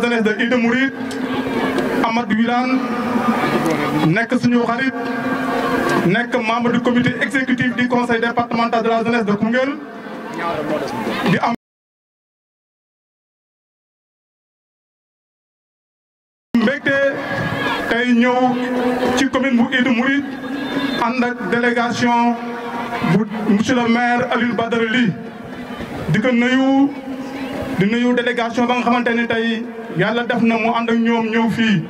jeunesse nekk suñu xarit nekk membre du comité exécutif du conseil départemental de de Koungheul di tey ñëw ci commune bu Ida Mouride ànd ak délégation le maire Alioune Badara Ly di ko nuyu di nuyu délégation ba nga xamante ni tey yàlla def na mu ànd ak ñoom ñëw fii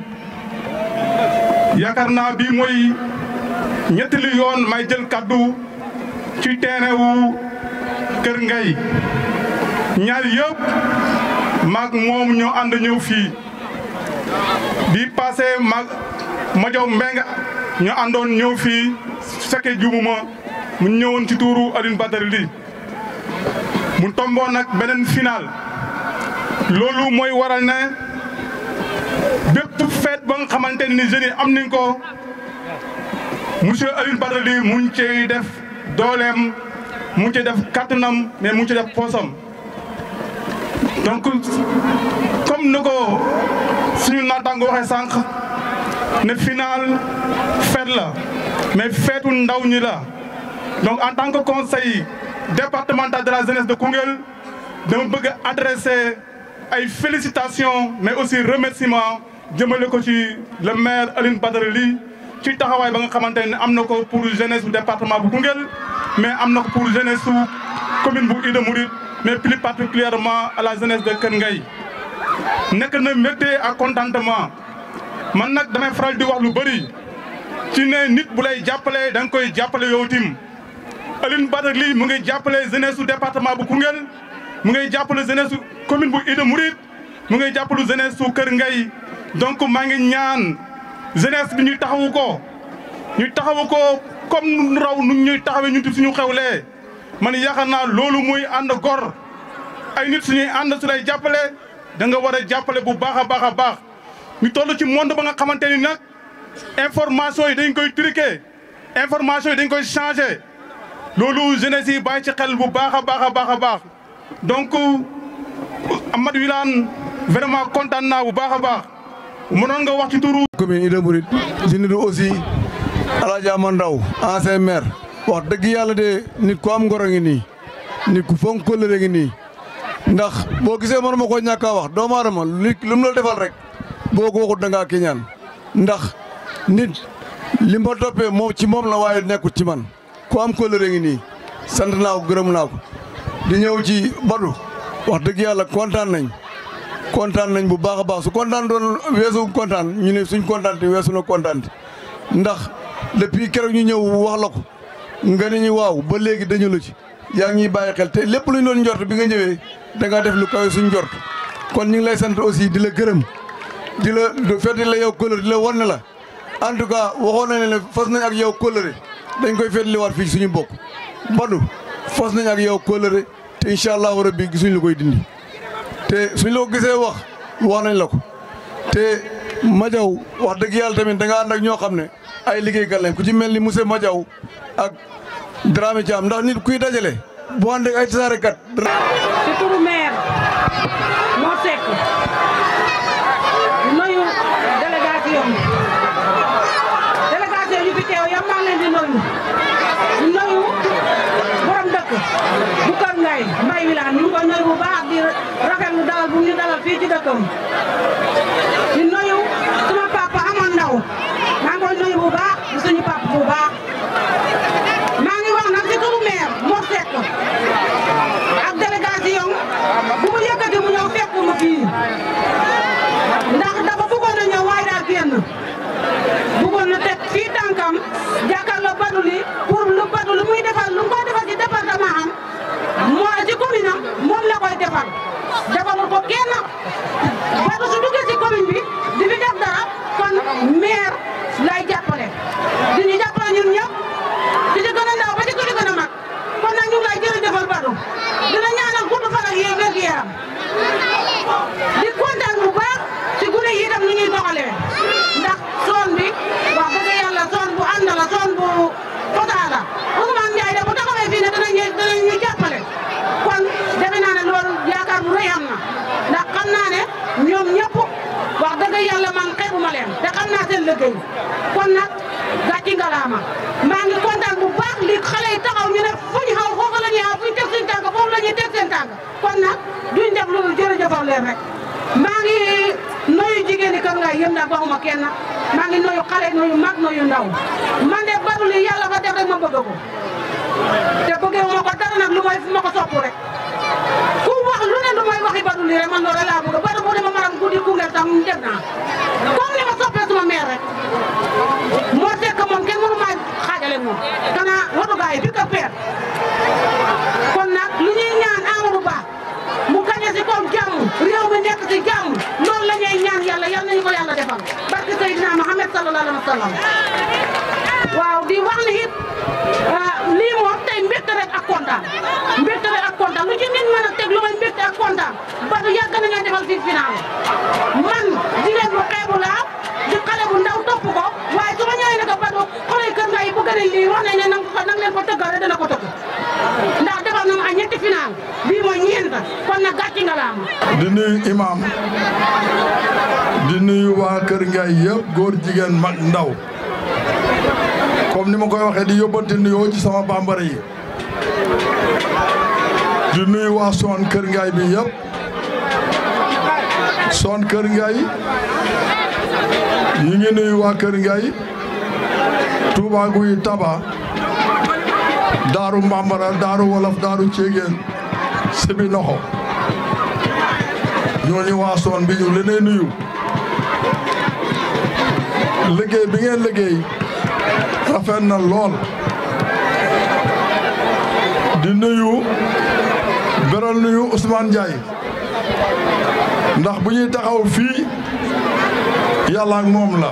yaakaar naa bii mooy ñettali yoon may jël kaddu ci terrain wu Kër Ngaye ñaar yëpp maag moom ñoo ànd ñëw fii bii passé maag Madiaw Mbengue ñoo àndoon ñëw fii fekke jumuma mu ñëwoon ci tuuru Alioune Badara mu tomboon nag beneen final loolu mooy waral ne bépp feet ba nga xamante ni jeunes am nañ ko monsieur Alioune Badara Ly mu ngi def dooleem mu ngi def kàttanam mais mu ci def poosam donc comme na ko suñu naataango waxee sànq ne final feet la mais feetu ndaw ñi la donc en tant que conseil départemental de la jeunesse de Koungheul dama bëgg adressé ay félicitations mais aussi remerciements jëmale ko ci le maire Aline Badara qui ci taxaway ba nga xamantene amna ko pour jeunesse du département bu Koungheul mais amna ko pour jeunesse su commune bu Ida Mouride mais plus particulièrement à la jeunesse de Kër Ne que na metté à contentement man nak damay faral di wax lu bari ci né nit bu lay jappalé dang koy jappalé yow tim Aline Badara mu jeunesse du département bu Koungheul mu ngi jeunesse commune bu Ida Mouride mu ngi jàppalu jeunesse su Kër Ngay donc maa ngi ñaan jeunesse bi ñuy taxawu ko ñu taxawu ko comme raw nu ñuy taxawee ñu ci suñu xewlee man yaakaar naa loolu muy ànd gor ay nit suñuy ànd su lay jàppale da nga war a jàppale bu baax a baax a baax ñu toll ci monde ba nga xamante ni nag information yi dañ koy truqué information yi dañ koy changé loolu jeunesse yi bàyyi ci xel bu baax a baax a baax a baax Amadou Wilane vraiment kontaan naa bu baax a baax mënoon nga wax ci turu. commune Ida Mouride di nuyu aussi El Hadj Amane Ndao ancien wax dëgg yàlla de nit ku am ngoro ngi nii nit ku fonk kóllëre ngi nii ndax boo gisee man ma ko ñàkk wax doomu aadama lu mu la defal rek boo ko waxut da ngaa kiñaan ndax nit li ma toppee moom ci moom la waaye nekkut ci man ko am kóllëre ngi nii sant naa gërëm naa di ñëw ci Badou. wax dëgg yàlla kontaan nañ kontaan nañ bu baax a baax su kontaan doon weesu kontaan ñu ne suñ kontaan te weesu na kontaan ndax depuis keroog ñu ñëw wax la ko nga ne ñu waaw ba léegi dañu la ci yaa ngi bàyyi xel te lépp luñ doon njort bi nga ñëwee da def lu kawe suñ njort kon ñu ngi lay sant aussi di la gërëm di la fete la yow kóllëre di la won ne la en tout cas waxoon nañ ne fas nañ ak yow kóllëre dañ koy fetliwaat fii suñu bokk Mbadou fas nañ ak te incha allahu rabbi gisuñ la koy dindi te suñ la ko gisee wax wax nañ la ko te Madiaw wax dëgg yàlla tamit danga nga ñoo xam ne ay liggéeykat lañ ku ci mel ni monsieur Madiaw ak Dramé Thiam ndax nit kuy dajale boo ànd ak ay tasaarekat. ci turu maire moo sekk. bu kër ngay mbay wilaan ñu ngi nuyu bu baax di rafetlu dalal bu ñu dalal fii ci dëkkam di suma papa amoon ndaw maa ngi nuyu bu di suñu papa bu maa ngi wax nag ci turu maire moo seet ak délégation bu mu yëkkati mu ñëw defal defalu ko kenn parce que su duggee ci commune bi di fi def dara kon maire ñoom ñëpp wax dëgg yàlla man xeebuma leen te xam naa seen liggéey kon nag gàcci ngalaama maa ngi kontaan bu baax li xale yi taxaw ñu ne fu ñu xaw foofu la ñuy xaw fu ñu teg suñu tànk foofu la ñuy teg seen tànk kon nag duñ def loolu jërëjëfal leen rek maa ngi noyu jigéen ñi kër nga yëm nag waxuma kenn maa ngi noyu xale noyu mag noyu ndaw man de baru li yàlla fa def rek ma bëgg ko te bëggee wu ma ko dara nag lu may fu ma ko sopp rek ku wax moom def naa comme li ma xaajale moom danaa watu gaay bi ko peer lu ñuy ñaan Amadou Ba mu gañe si koom jàmm réew mi nekk si jàmm loolu la ñuy ñaan yàlla yal nañu ko yàlla defal barke Seydina Muhammad sallallahu waaw di wax ni it ah, lii moom mbégte rek kontaan mbégte rek kontaan lu ci nit mën teg lu may mbégte ak kontaan ba du yàgg na ñoo defal fii final man jigéen bu xeebu laa di xale bu ndaw topp ko waaye su ma ne ko ba du xoolee kër nga yi bu gënee lii wax nañ ne nang ko nang leen ko dana ko tëgg ndax defal na ma ñetti final bii mooy ñeent kon nag gàcce nga laa ma di nuyu imam di nuyu waa kër ngay yëpp góor jigéen mag ndaw kom ni ma koy waxee di yóbbante nuyoo ci sama yi di nuyu waa son kër ngaay bi yëpp soon kër ngaay ñu ngi nuyu waa kër ngaay Touba Taba daaru Mbambara daaru wolof daaru Cégeen sibi noxo ñooñu waa soon bi ñu leneen nuyu liggéey bi ngeen liggéey rafet na lool nuyu beral ndax bu ñuy taxaw fii yàlla moom la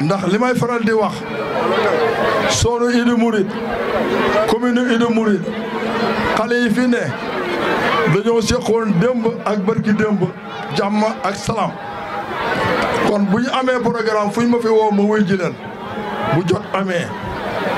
ndax li may faral di wax soonu Idi Mouride commune Idi Mouride xale yi fi ne dañoo seqoon démb ak barki démb jàmm ak salaam kon bu ñu amee programme fu ñu ma fi woo ma wuy ji bu jot amee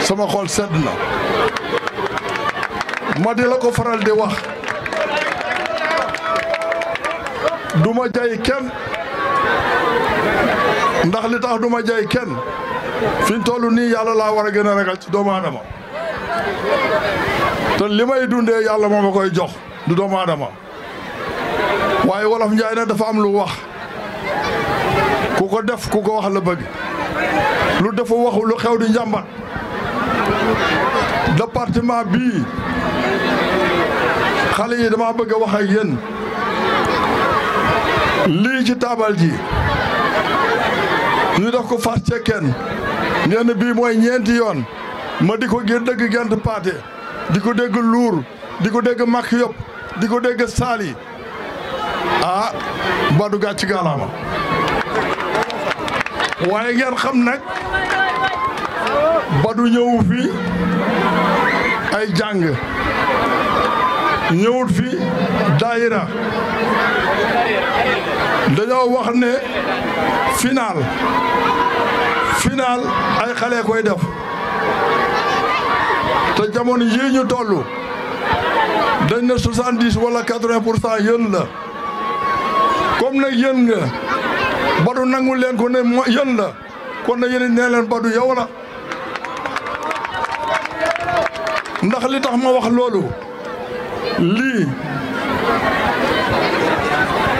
sama xol sedd na ma di la ko faral di wax du ma jay kenn ndax li tax du ma jay kenn fi ñu nii yàlla laa war a gën a ragal ci doomu aadama te li may dundee yàlla moo ma koy jox du doomu aadama waaye wolof njaay na dafa am lu wax ku ko def ku ko wax la bëgg lu dafa wax lu xew di njàmbat département bii xale yi dama bëgg a wax yéen lii ci taabal ji ñu def ko fas cekkeen ngeen bii mooy ñeenti yoon ma di ko ngir dégg gent paate di ko dégg luur di ko dégg makk yop di ko dégg saali ah badu gàcc gaalaama waaye ngeen xam nag ba du ñëw fi ay jàng ñëwut fi daayira dañoo wax ne final final ay xale koy def te jamono yii ñu toll dañ ne soixante-dix wala quatre pour cent yéen la kom nag yéen nga badu nangu leen ko ne yéen la kon na yéen nee leen badu yow la ndax li tax ma wax loolu lii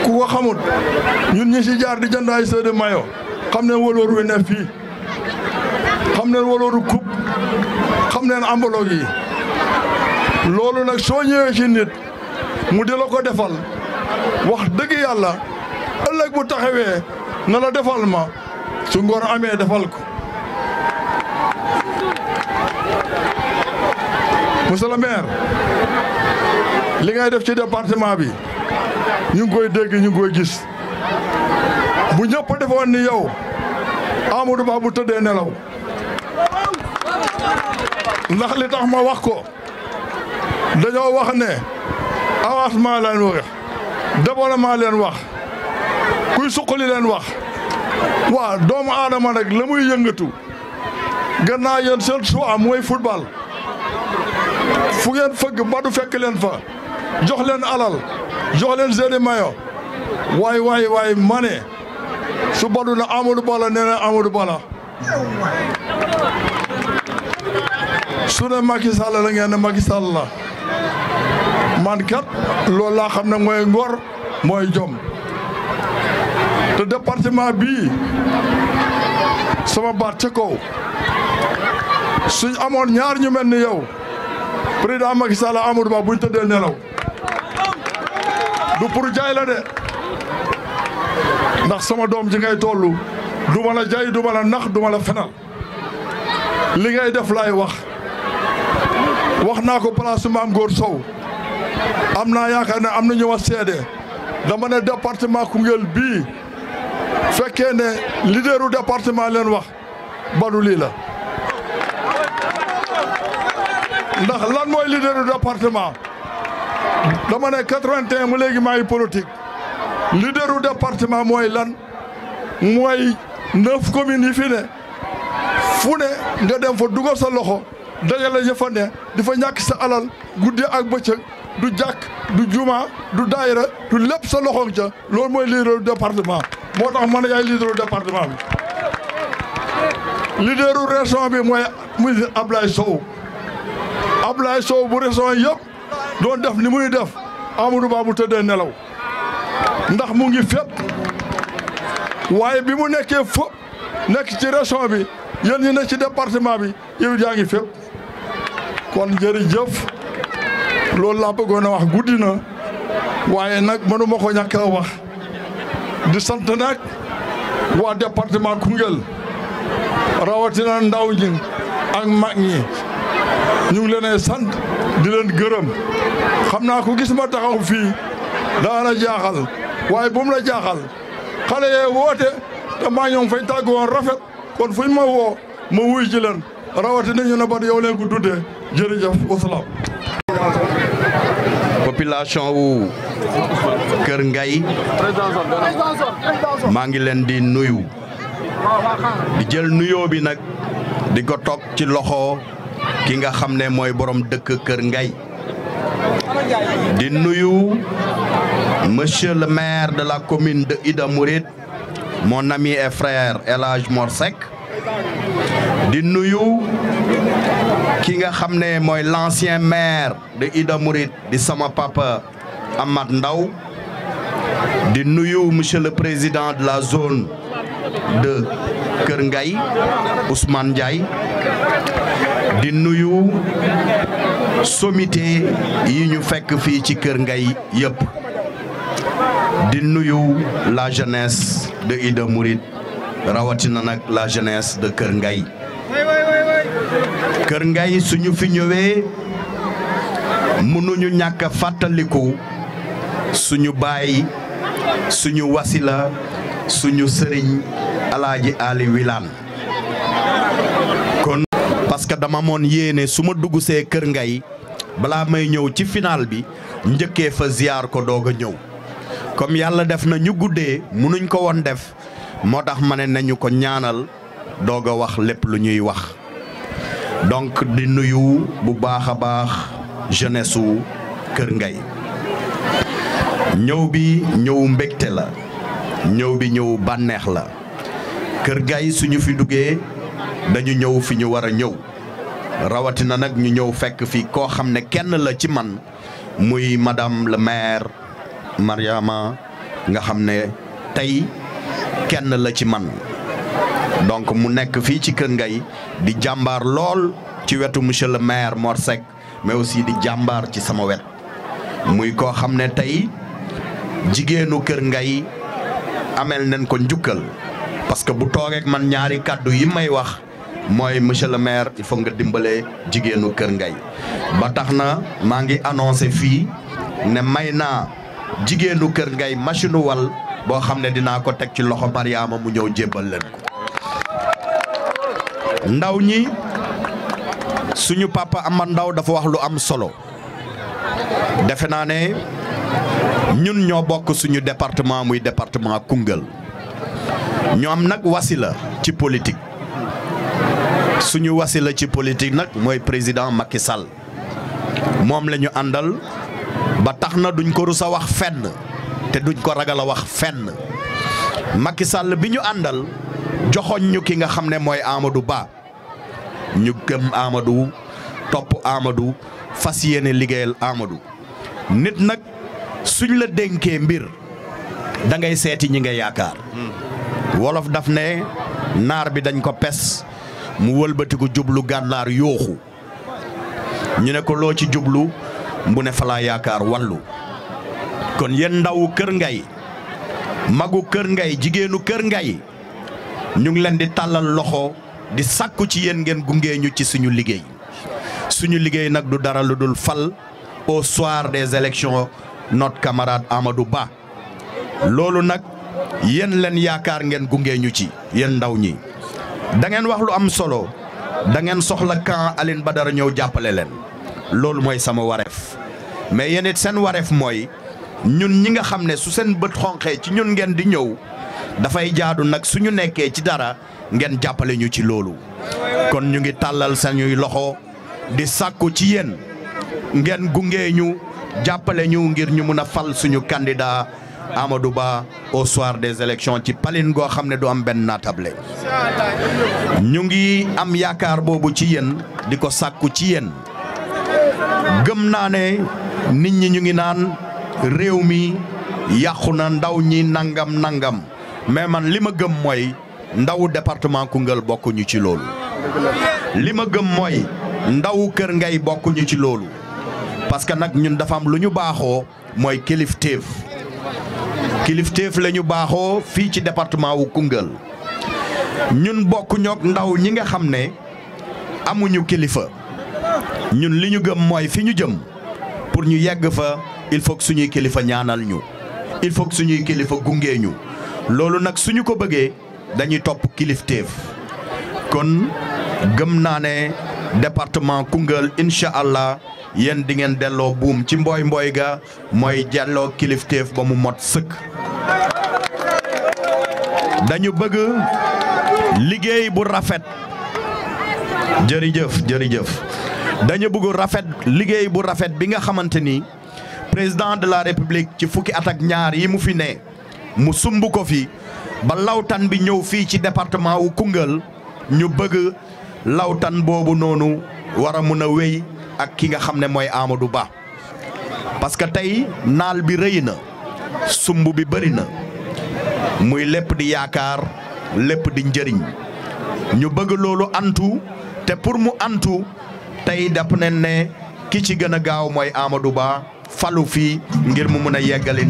ku ko xamut ñun ñi ci jaar di jënd ay seede mayo xam ne walooru ne fii xam ne walooru coupe xam ne ambaloog yi loolu nag soo ñëwee ci nit mu di la ko defal wax dëgg yàlla ëllëg bu taxawee na la defal ma su ngor amee defal ko monsieur le li ngay def ci département bi ñu ngi koy dégg ñu koy gis bu ñëpp defoon ni yow Amadou Ba bu tëddee nelaw ndax li tax ma wax ko dañoo wax ne avancement leen wax développement leen wax kuy suqali leen wax waa doomu aadama nag la muy yëngatu gannaaw yéen seen choix mooy football. fu ngeen fëgg badu fekk leen fa jox leen alal jox leen seeni mayo waay waay waay ma su badu na Amadou Ba la nee na Amadou Ba la su ne Macky Sall la ngeen ne Macky Sall man kat loolu laa xam ne mooy ngor mooy jom te département bii sama baat ca kaw suñ amoon ñaar ñu mel ni yow président Macky Sall Amadou Ba bu ñu tëddee nelaw du pour jaay la de ndax sama doom ji ngay tollu du ma la jaay du la nax du la fenal li ngay def laay wax wax naa ko place Maam Sow am naa yaakaar ne am na ñu wax seede dama ne département Koungheul bii fekkee ne leaderu département leen wax badu lii la ndax lan mooy leader du dama ne 81 mu léegi maa ngi politique leader département mooy lan mooy neuf communes yi fi ne nga dem fa dugal sa loxo dajale ya fa ne di fa ñàkk sa alal guddi ak bëccëg du jàkk du juma du daayira du lépp sa loxo ca loolu mooy leader du département moo tax man yaay leader du département bi leader du région mooy muy Ablaye Sow Ablaye Sow bu région yëpp doon def ni muy def Amadou Ba bu tëddee nelaw ndax mu ngi fépp waaye bi mu nekkee fo nekk ci région bi yéen ñi nekk ci département bi yow yaa ngi fépp kon jërëjëf loolu laa bëggoon a wax guddi na waaye nag mënuma ko ñàkk a wax di sant nag waa département Koungheul rawatina ndaw ñi ak mag ñi ñu ngi leen sant di leen gërëm xam naa ko gis ma taxaw fii daana jaaxal waaye bu mu la jaaxal xale yee woote te maa ñoom fañ tàgg woon rafet kon fuñ ma woo ma wuy ci leen rawatina ñu ne bat yow leen ko tuddee jërëjëf wasalaam population wu Kër Ngaye maa ngi leen di nuyu di jël nuyoo bi nag di ko toog ci loxo ki nga borom monsieur le maire de la commune de Ida Mouride mon ami et frère El Morsek di nuyu l'ancien maire de Ida Mouride di sama papa Amath Ndaw di monsieur le président de la zone de Keur Ousmane di nuyu sommité yi ñu fekk fii ci Kër ngay yëpp di nuyu la jeunesse de Ida Mouride rawatina nag la jeunesse de Kër ngay Kër Ngaye suñu fi ñëwee mënuñu ñàkk a fàttaliku suñu baay suñu wasila suñu sëriñ alaaji Ali Wilane parce que dama moon yéene su ma dugg see Kër Ngay balaa may ñëw ci final bi njëkkee fa ziyaar ko doog a ñëw comme yàlla def na ñu guddee munuñ ko woon def moo tax ma ne nañu ko ñaanal doog a wax lépp lu ñuy wax donc di nuyu bu baax a baax jeunesse su Kër Ngay ñëw bi ñëw mbégte la ñëw bi ñëw bànneex la Kër Ngay suñu fi duggee dañu ñëw fi ñu war a ñëw rawatina nag ñu ñëw fekk fii koo xam ne kenn la ci man muy madame le maire Mariama nga xam ne tey kenn la ci man donc mu nekk fii ci Kër Ngaye di jambar lol ci wetu monsieur le maire Mor mais aussi di jambar ci sama wet muy ne tey jigéenu Kër amel nañ ko njukkal parce que bu man ñaari kàddu yi may wax mooy monsieur le maire il nga dimbale jigéenu Kër Ngay ba tax na maa ngi annoncé fii ne may naa jigéenu Kër Ngay machine wal boo xam ne dinaa ko teg ci loxo Mariama mu ñëw jébbal leen ko ndaw ñi suñu papa ama ndaw dafa wax lu am solo defe naa ne ñun ñoo bokk suñu département muy département Koungheul ñoom nag wasila ci politique suñu wasila ci politique nag mooy président Macky Sall moom la ñu àndal ba tax na duñ ko rus a wax fenn te duñ ko ragal a wax fenn Macky Sall bi ñu àndal joxoñ ñu ki nga xam ne mooy Amadou Ba ñu gëm Amadou topp Amadou fas yéene liggéeyal Amadou nit nag suñ la dénkee mbir dangay seeti ñi nga yaakaar hmm. wolof daf ne naar bi dañ ko pes mu wëlbatiku jublu gànnaar yooxu ñu ne ko loo ci jublu mu ne falaa yaakaar wallu kon yéen ndawu kër ngay magu kër ngay jigéenu kër ngay ñu ngi leen di tàllal loxo di sàkku ci yéen ngeen gungee ñu ci suñu liggéey suñu liggéey nag du dara lu dul fal au soir des élections notre camarade Amadou Ba loolu nag yéen leen yaakaar ngeen gungee ci yéen ndaw ñi da ngeen wax lu am solo da ngeen soxla kan ba dara ñëw jàppale leen loolu mooy sama wareef mais yéen seen wareef mooy ñun ñi nga xam ne su seen bët xonqee ci ñun ngeen di ñëw dafay jaadu nag suñu nekkee ci dara ngeen jàppale ñu ci loolu kon ñu ngi tàllal sañuy loxo di sàkku ci yéen ngeen gungee ñu jàppale ñu ngir ñu mun a fal suñu kandidaa Amadou Ba au soir des élections ci palin goo xam ne du am benn naatable ñu ngi am yaakaar boobu ci yéen di ko sàkku ci yen gëm naa ne nit ñi ñu ngi naan réew mi yàqu na ndaw ñi nangam nangam mais man li ma gëm mooy ndawu département Koungheul bokkuñu ci loolu li ma gëm mooy ndaw Kër Ngay bokkuñu ci loolu parce que nag ñun dafa am lu ñu baaxoo mooy kilifteef kilifteef la ñu baaxoo fii ci département wu Koungheul ñun bokk ñoog ndaw ñi nga xam ne amuñu kilifa ñun li ñu gëm mooy fi ñu jëm pour ñu yegg fa il faut suñuy kilifa ñaanal ñu il faut suñuy kilifa gungee ñu loolu nag suñu ko bëggee dañuy topp kilifteef kon gëm naa ne département Koungheul incha allah yéen di ngeen delloo buum ci mbooy mbooy ga mooy jàlloo kilifteef ba mu mot sëkk dañu bëgg liggéey bu rafet jërëjëf jërëjëf dañu bëgg rafet liggéey bu rafet bi nga xamante ni président de la république ci fukki at ñaar yi mu fi ne mu sumb ko fi ba lawtan bi ñëw fii ci département wu Koungheul ñu bëgg lawtan boobu noonu war a mun a wéy ak ki nga xam ne Amadou Ba parce que tey nal bi rëy na sumb bi na muy di yaakaar lépp di njëriñ ñu bëgg loolu antu tepurmu pour mu antu tey daf ne ne ki ci gën a gaaw mooy Amadou Ba falu fii ngir mu yeggali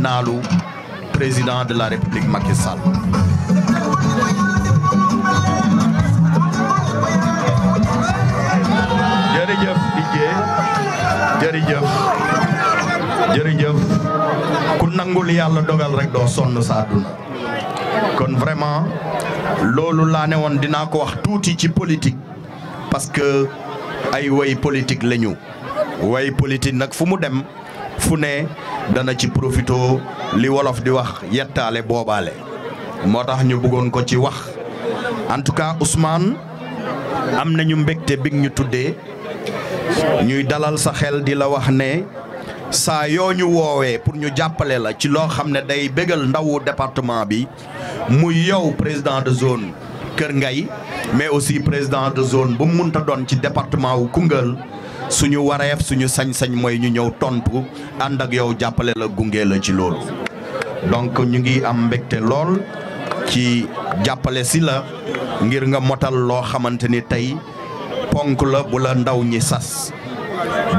président de la République Macky Sall. jërëjëf. Dieye jërëjëf jërëjëf ku nangul yàlla dogal rek doo sonn sa àdduna kon vraiment loolu laa ne woon dinaa ko wax tuuti ci politique parce que ay way politique la ñu way politique nag fu mu dem fu ne dana ci profito li wolof di wax yettaale boobaale moo tax ñu buggoon ko ci wax en tout cas Ousmane am nañu mbégte bi ñu tuddee ñuy dalal sa xel di la wax ne saa yoo ñu woowee pour ñu jàppale la ci loo xam ne day bégal ndawu département bi muy yow président de zone Kër Ngay mais aussi président de zone bu mu munta doon ci département wu Koungheul suñu wareef suñu sañ-sañ mooy ñu ñëw tontu ànd ak yow jàppale la gunge la ci loolu donc ñu ngi am mbégte lool ci jàppale si la ngir nga motal loo xamante ni tey ponk la bu la ndaw ñi sas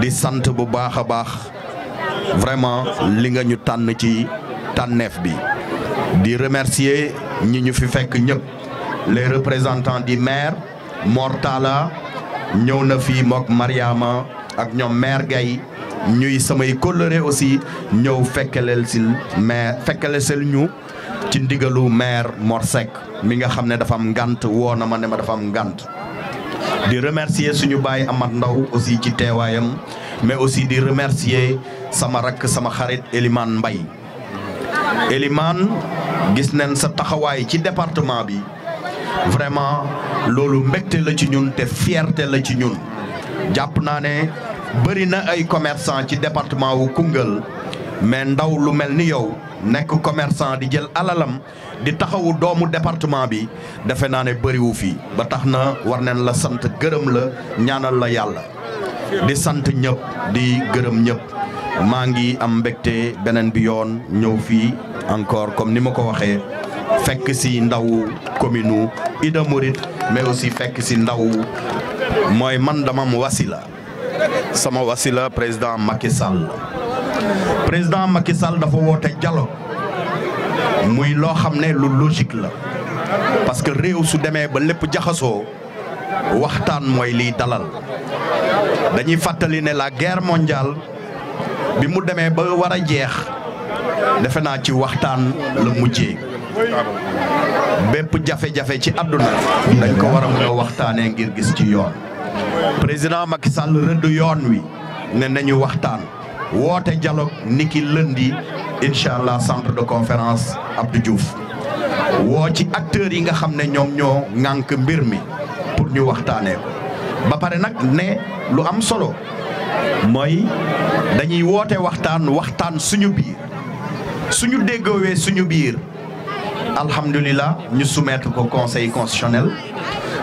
di sante bu baax baax vraiment li nga ñu tànn ci tànneef bi di remercier ñi ñu fi fekk ñep les représentants du maire Mortala ñew na fi mok Mariama ak ñom maire gay ñuy samay kóllëre aussi ñew fekkaleel si mais fekkale sel ñu ci ndigalu maire morsek mi nga xamne dafa am ngànt woo na ma ne ma dafa am ngànt di remercier suñu baay Amath Ndaw aussi ci teewaayam mais aussi di remercier sama rakk sama xarit Elimane mbay Elimane gis nañ sa taxawaay ci département bi vraiment loolu mbégte la ci ñun te fierté la ci ñun jàpp naa ne bëri na ay commerçant ci département wu Koungheul mais ndaw lu melni yow nek commerçant di jël alalam di taxawu doomu département bi defe naa ne ba la sante la ñaanal la di sante ñëpp di ñëpp fait am mbégte benen bi yoon comme nima ko ont fekk ndawu commune Ida Mouride mais aussi fekk si ndaw moy man dama wasila sama wasila président Macky Sall président Macky Sall dafa woote jalo muy loo xam ne lu logique la parce que réew su demee ba lépp jaxasoo waxtaan mooy liy dalal dañuy fàttali ne la guerre mondiale bi mu demee ba war a jeex defe naa ci waxtaan la mujjee bépp jafe-jafe ci àdduna dañ ko war a waxtaanee ngir gis ci yoon président Macky Sall rëdd yoon wi ne nañu waxtaan Wote dialogue niki lundi inshallah centre de conférence Abdou Diouf woo ci acteurs yi nga xamné ñom ñoo ngank mbir mi pour ñu waxtané ba paré nak ne lu am solo moy dañuy wote waxtaan waxtaan suñu biir suñu déggowé suñu biir alhamdulilah ñu soumettre ko conseil constitutionnel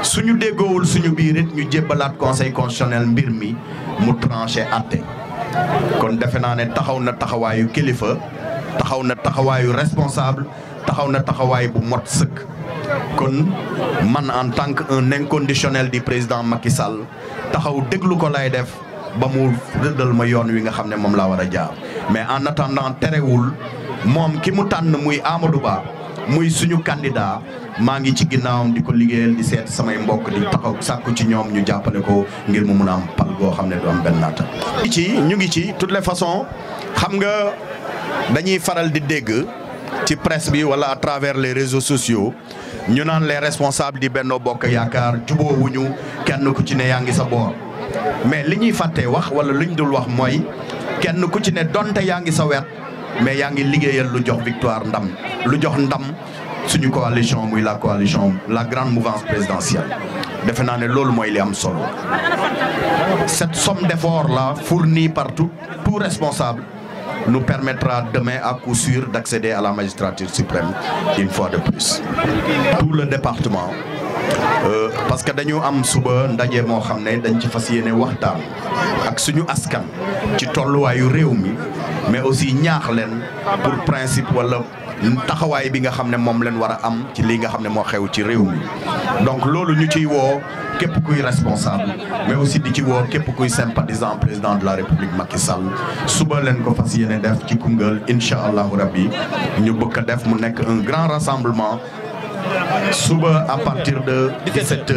suñu déggowul suñu biir it ñu jébbalaat conseil constitutionnel mbir mi mu trancher àtte kon defe naa ne taxaw na taxawaayu kilifa taxaw na taxawaayu responsable taxaw na taxawaay bu mot sëkk kon man en tant que un inconditionnel du président Macky Sall taxaw déglu ko lay def ba mu rëddal ma yoon wi nga xam ne moom laa war a jaar mais en attendant terewul moom ki mu tànn muy Amadou Ba muy suñu candidat maa ngi ci ginnaawam di ko liggéeyal di seet samay mbokk di taxaw sàkku ci ñoom ñu jàppale ko ngir mu mun a am pal goo xam ne du am benn naata. ci ñu ngi ci toutes les façons xam nga dañuy faral di dégg ci presse bi wala à travers les réseaux sociaux ñu naan les responsables di Benno Bokk Yaakaar jubóowuñu kenn ku ci ne yaa ngi sa boor mais li ñuy fàtte wax wala li ñu dul wax mooy kenn ku ci ne donte yaa ngi sa wet. mais il ngi a lu jox victoire ndam lu jox ndam suñu coalition muy la coalition la grande mouvance présidentielle defé li am solo cette somme d'efforts là fournie par tout tout responsable nous permettra demain à coup sûr d'accéder à la magistrature suprême une fois de plus tout le département Euh, parce que dañu am suba ndaje moo xam ne dañ ci fas yéene waxtaan ak suñu askan ci tolluwaayu réew mais aussi ñaax leen pour principe wala taxaway bi nga xamné mom len wara a am ci li nga xamné mo xew ci réew donc lolu ñu ci wo képp kuy responsable mais aussi di ci wo képp kuy sympathisant président de la république Macky Sall suba len ko fas yéene def ci Koungheul inshallah rabbi ñu bëkk def mu nekk un grand rassemblement suba à partir de 17 h